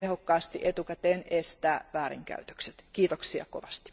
tehokkaasti etukäteen estää väärinkäytökset. kiitoksia kovasti.